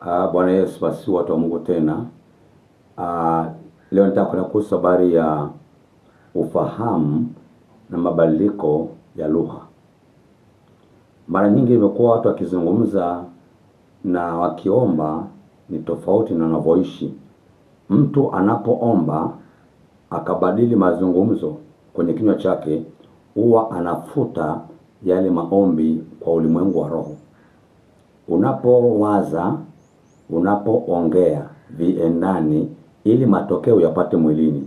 Uh, Bwana Yesu basi watu wa Mungu tena. Uh, leo nitakwenda kuhusu habari ya ufahamu na mabadiliko ya lugha. Mara nyingi imekuwa watu wakizungumza na wakiomba ni tofauti na wanavyoishi. Mtu anapoomba akabadili mazungumzo kwenye kinywa chake, huwa anafuta yale maombi kwa ulimwengu wa roho. Unapowaza unapoongea vienani ili matokeo yapate mwilini.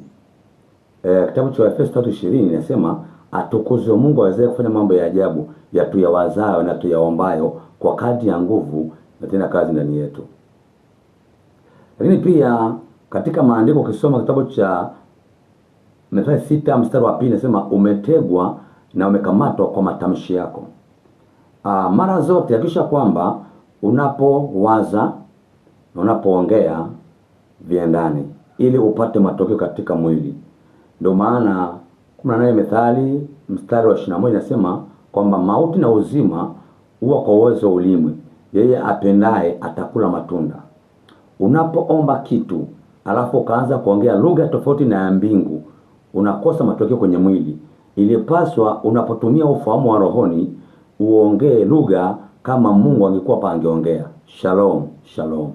E, kitabu cha Efeso 3:20 inasema atukuzwe Mungu aweze kufanya mambo ya ajabu ya tuyawazayo na tuyaombayo kwa kadri ya nguvu na tena kazi ndani yetu. Lakini pia katika maandiko ukisoma kitabu cha Methali sita mstari wa pili nasema umetegwa na umekamatwa kwa matamshi yako. Aa, mara zote hakikisha kwamba unapowaza na unapoongea viendane, ili upate matokeo katika mwili. Ndio maana kumi na nane Methali mstari wa ishirini na moja inasema kwamba mauti na uzima huwa kwa uwezo ulimwe, yeye apendaye atakula matunda. Unapoomba kitu alafu ukaanza kuongea lugha tofauti na ya mbingu, unakosa matokeo kwenye mwili. Ilipaswa unapotumia ufahamu wa rohoni uongee lugha kama Mungu angekuwa pa angeongea. Shalom, shalom.